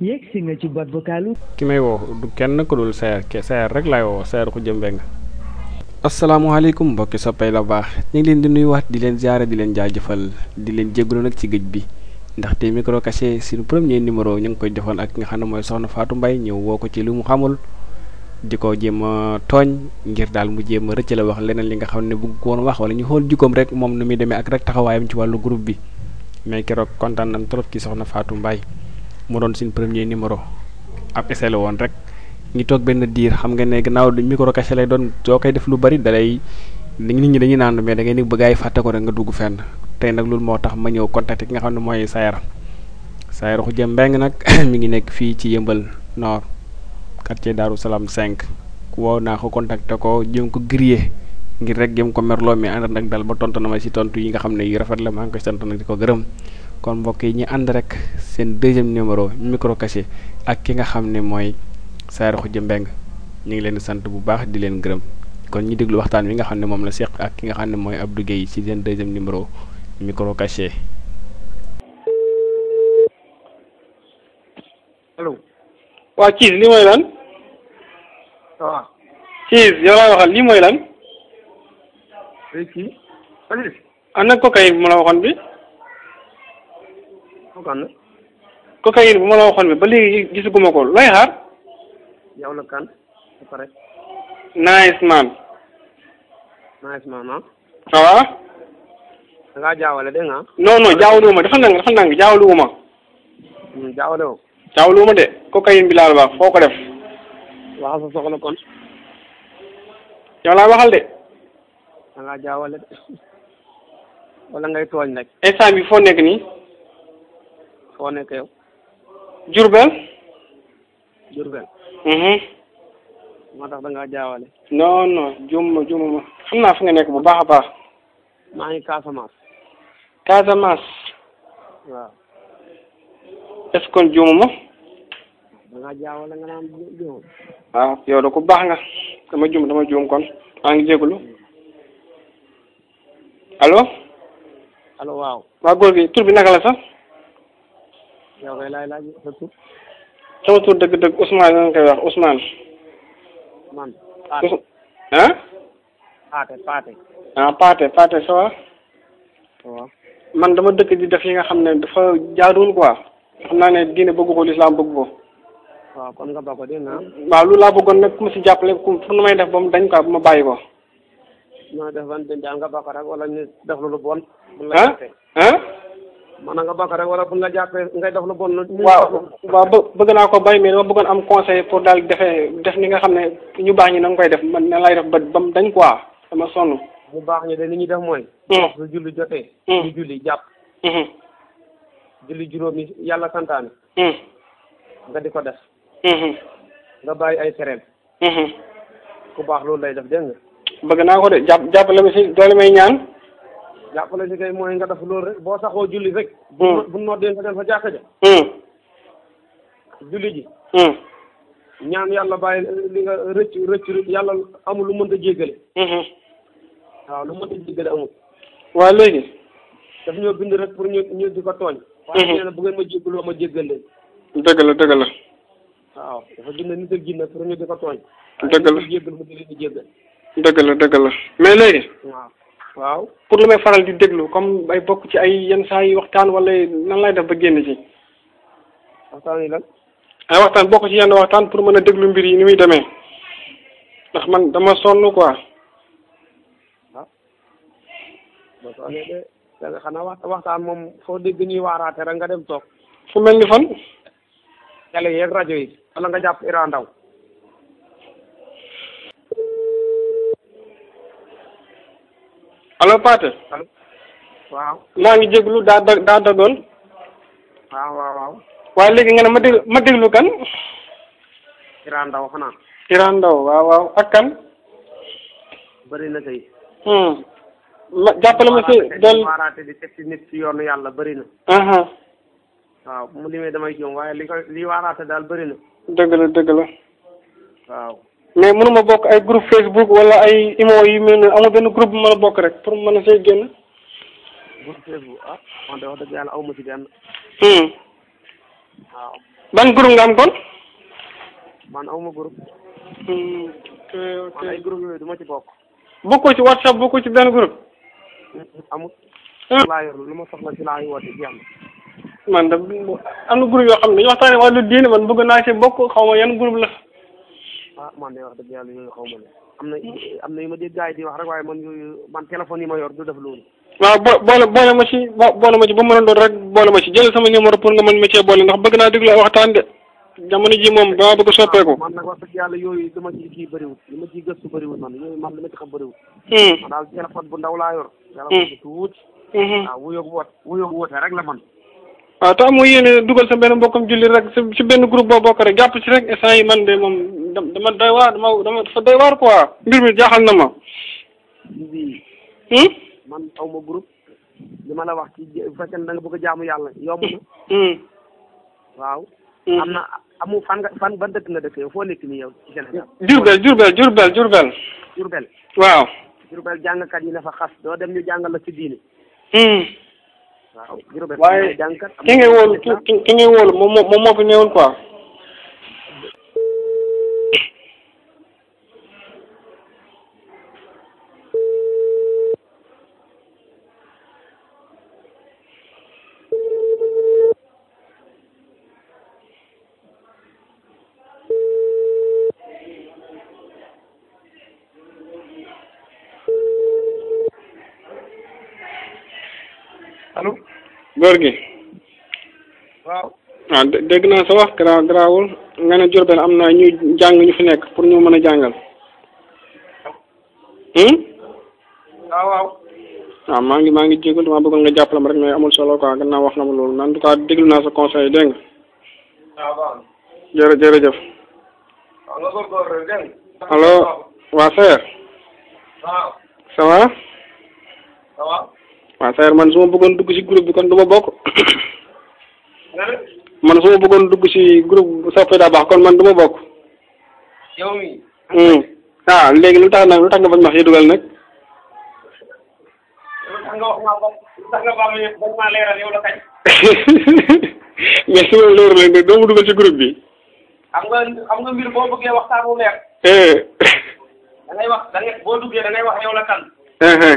yéeg si nga ci boîte vocale ki may woo du kenn ku dul seer seer rek laay woo seer ku jëmbee nga asalaamaaleykum mbokki soppay la baax ñu ngi leen di wax di leen ziare di leen jaajëfal di leen jégalu nag ci géej bi ndaxte micro caché suñu premier numéro ñu ngi koy defoon ak nga xam ne mooy soxna faatu mbay ñëw woo ko ci lu mu xamul di ko jéem a tooñ ngir daal mu jéem a rëcc la wax leneen li nga xam ne bëgg ko woon wax wala ñu xool jikkoom rek moom nu muy demee ak rek taxawaayam ci wàllu groupe bi mais keroog kontaan nañ trop ci soxna Fatou Mbaye moo doon suñ premier numéro ab essai woon rek ñu toog benn diir xam nga ne gannaaw du micro cachet lay doon soo koy def lu bari dalay nit ñi dañuy naan mais da ngay ni ba gars yi fàtte ko rek nga dugg fenn tey nag loolu moo tax ma ñëw contacté ki nga xam ne mooy Sayar Sayar Khoudia Mbengue nag mi ngi nekk fii ci yëmbal nord quartier Darou Salam 5 woo naa ko contacté ko jëm ko grillé. ngir rek gëm ko merloo mi ànd nag dal ba tontu na ma ci tontu yi nga xam ne yu rafet la maa ngi koy sant nag di ko gërëm kon mbokk yi ñu ànd rek seen deuxième numéro micro caché ak ki nga xam ne mooy Saer Khoudia Mbengue ñu ngi leen sant bu baax di leen gërëm kon ñu déglu waxtaan wi nga xam ne moom la seq ak ki nga xam ne mooy Abdou Guèye ci seen deuxième numéro micro caché. allo. lan. waaw. Ciss laa waxal lii mooy lan. léegi. ana ko kay ma la waxoon bi. kan la. cocaïne bu ma la waxoon bi ba léegi gisuguma ko looy xaar. yow la kan ba pare. nice man. nice man ah. ça va. da jaawale dégg nga. non non jaawluwuma dafa ndànk dafa ndànk hmm, jaawale woo. de cocaïne bi laal baax foo ko def. waxal sa soxla kon. yow laa waxal de. da jaawale de. wala ngay tooñ rek. instant bi foo nekk nii. foo nekk yow. Diourbel. Diourbel. Mm-hmm. moo tax da jaawale. non non juum juum ma xam naa fi nga nekk bu baax a baax. maa ngi Casamance. Casamance. waaw. est-ce que kon ma. da jaawale nga naan juum. waaw ah, yow da baax nga dama juum dama juum kon maa ngi jégalu allo. allo waaw. waa góor gi tur bi la sax. yow kay laay laaj sa tur. sama tur dëgg-dëgg Ousmane nan koy wax Ousmane. man Paate ah. Paate Paate. ah man dama dëkk di def yi nga xam ne dafa jaaduwul quoi. xam naa ne diine bëggu ko lislaam bëgg ko. waaw kon nga ba ko dégg naa. waaw loolu laa bëggoon nag ku ma si jàppale ku may def ba mu dañ quoi bu ma bàyyi ko. ma def ban denc nga ba ko rek wala maanaam nga bokk rek wala bu nga jàppee ngay def lu bon. waaw waaw bë bëgg naa ko bay mi dama bëggoon am conseil pour daal def ni nga xam ne ñu baax ñi na nga koy def man nan lay def ba bam dañ quoi dama sonn. bu baax ñi de li ñuy def mooy. su hmm. julli jotee. Hmm. ñu julli jàpp. Hmm. julli juróom yi yàlla santaane. nga di ko def. nga bàyyi ay sereen. ku baax loolu lay bëgg naa ko de jàpp jàppale ma si doole may ñaan. jàppale si kay mooy nga def loolu rek boo saxoo julli rek. bu hmm. noddee nga dem fa jàkka ja. Hmm. julli ji. Hmm. ñaan yàlla bàyyi li nga rëcc rëcc yàlla amul lu mënta jéggale. waaw lu mënta jéggale amul. waaw léegi. daf ñoo bind rek pour ñu ñu di ko tooñ. waaye nee na bu ngeen ma jéggaloo ma jéggal leen. dëgg la dëgg la. waaw dafa bind nit ak jinne pour ñu di ko tooñ. dëgg la waaye ñu jéggal mu di leen di jéggal. dëgg la dëgg la mais léegi. waaw. waaw pour lu may faral di déglu comme ay bokk ci ay yenn saa yi waxtaan wala nan lay def ba génn ci. waxtaan yi lan. ay waxtaan bokk ci yenn waxtaan pour mën a déglu mbir yi ni muy demee ndax man dama sonn quoi. ah. boo soonee de xanaa waxtaan moom foo dégg ñuy waaraate rek nga dem toog. fu mel ni fan. télé rajo yi wala nga jàpp Ira Ndaw. allo Pathé. waaw. maa ngi jéglu daa da daa dagoon. waaw waaye léegi nga ne ma déglu ma kan. Iran Ndaw waaw waaw ak kan. na kay. Hmm. ma jàppale ma si dellu waaraate di teg yàlla bëri na. waaw mu limee damay mais mënuma bokk ay groupe Facebook wala ay imo yu mel ne amul benn groupe bu mën a bokk rek pour mën a see génn. groupe Facebook ah man de wax dëgg yàlla aw ma ci benn. Hmm. waaw. ban groupe nga am kon. man aw ma groupe. Hmm, ok ok man ay groupe yooyu du ma ci bokk. bokkoo ci WhatsApp bokkoo ci benn groupe. Hmm, amul. laa yor lu ma soxla ci laa woote ci yàlla. man de am na groupe yoo xam ne dañuy waxtaanee wàllu diine man bëgg naa ci bokk xaw ma yan groupe la. ah man de wax dëgg yàlla yooyu xaw ma ne am na am na yu ma dégg gars yi di wax rek waaye man yooyu man téléphone yi ma yor du def loolu. waaw bo boole boole ma ci boole ma ci bu mu mënoon doon rek boole ma ci jël sama numéro pour nga mën ma cee boole ndax bëgg naa déglu waxtaan de jamono ji moom dama bëgg soppeeku. Ah, man nag wax dëgg yàlla yooyu dama ci kii bëriwul li ma ciy gëstu bëriwul man yooyu man li ma ci xam bëriwul. Hmm. ma daal téléphone bu ndaw laa yor. Hmm. téléphone bu tuuti. waaw hmm. ah, wuyoo woot wuyoo woote rek la man. waaw te amoo yéene dugal sa benn mbokkam julli rek si benn groupe boo bokk rek jàpp ci rek instant yi man de moom dama doy waar dama dama dafa doy waar quoi mbir mi jaaxal na ma. Hmm? man aw ma groupe li ma la wax ci bu fekkee ne da yàlla yomb na. Hmm. waaw. Hmm. am na amu fan nga fan ban dëkk nga waaw. Jurbel jàngkat yi na fa doo dem ñu jàngal ci diini. waaw Jurbel. waaye ki ngay wóolu ki ki allo. gi. waaw. ah dégg naa sa wax garaaw garaawul nga ne Diourbel am na ñuy jàng ñu fi nekk pour ñu mën a jàngal. waaw hmm? waaw. Ah, maa ngi maa ngi jégalu damaa bëggoon nga jàppale ma rek mais amul solo quoi gannaaw wax na ma loolu en tout naa sa conseil yi dégg nga. waaw waaw. waa Seyer. waaw. waaw man su ma bëggoon dugg ci groupe bi kon du ma bokk man su ma bëggoon dugg ci groupe soppe daa baax kon man du ma bokk. yow mii. Hmm. ah léegi lu tax nag lu nga bañ ma dugal nag. mais su ma leeral rek doo dugal ci groupe bi. xam nga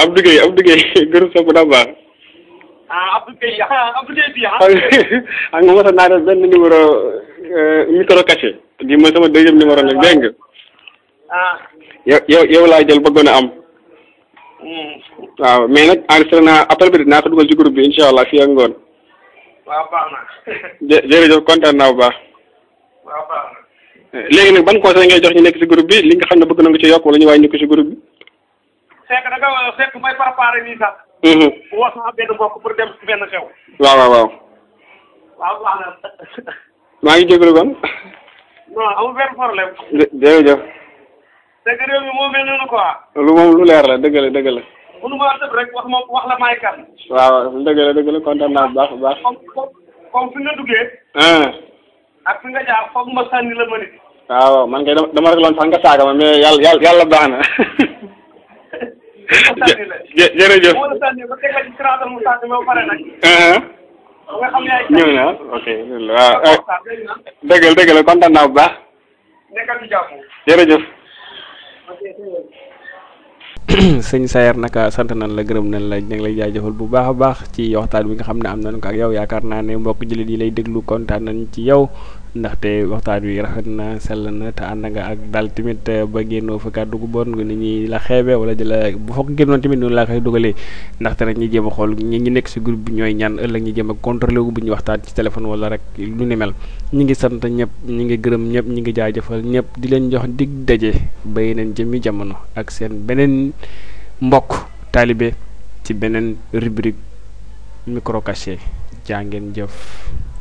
Abdou Gueye Abdou Gueye gërëm sa bu daa baax. ah Abdou Gueye ah Abdou Gueye bii ah. a naan benn numéro euh, micro di mooy sama deuxième numéro nag dégg nga. ah. yow yow yow laa jël bëggoon a am. Hmm. waaw mais nag enregistré naa appel bi dinaa ko dugal ci groupe bi incha allah fii ak ngoon. waaw baax na. jë jërëjëf kontaan naa bu baax. waaw baax na. ban conseil jox ñu nekk si groupe bi li nga xam ne bëgg na nga ci yokk wala ñu wàññi ko si groupe bi. fekk da nga euh, fekk may préparé nii sax. Mhm. woo sama benn maa ngi jégalu kon. non lu moom leer la dëgg la dëgg la. mënu maa tëb rek wax ma wax la maay kan. waaw dëgg la dëgg bu baax bu baax. Ah. ma sànni la ma man kay dama dama rek loon sax nga saaga ma mais yàlla jë jërëjëf. Uh-huh. ñëw na ok waaw dëgg la dëgg la kontaan naa bu baax. jërëjëf. sëñ Sayer naka ah, sant nañ la gërëm nañ la ñu ngi lay jaajëfal bu baax a baax ci waxtaan bi nga xam ne am nañ ko ak yow yaakaar naa ne mbokk jëlit yi lay déglu kontaan nañ ci yow. ndaxte waxtaan wi rafet na sell na te ànd nga ak daal tamit eh, ba génnoo fa kàddu gu bon ni ñuy la xeebe wala di la bu foog génnoon tamit noonu laa koy dugalee ndaxte nag ñi jéem a xool ñi ngi nekk si groupe bi ñooy ñaan ëllëg ñi a contrôlé wu bu ñu waxtaan ci téléphone wala rek lu ni mel ñi ngi sant ñëpp ñi ngi gërëm ñëpp ñi ngi jëfal ñëpp di leen jox dig daje ba yeneen jëmmi jamono ak seen beneen mbokk taalibe ci beneen rubrique micro caché jaa ngeen jëf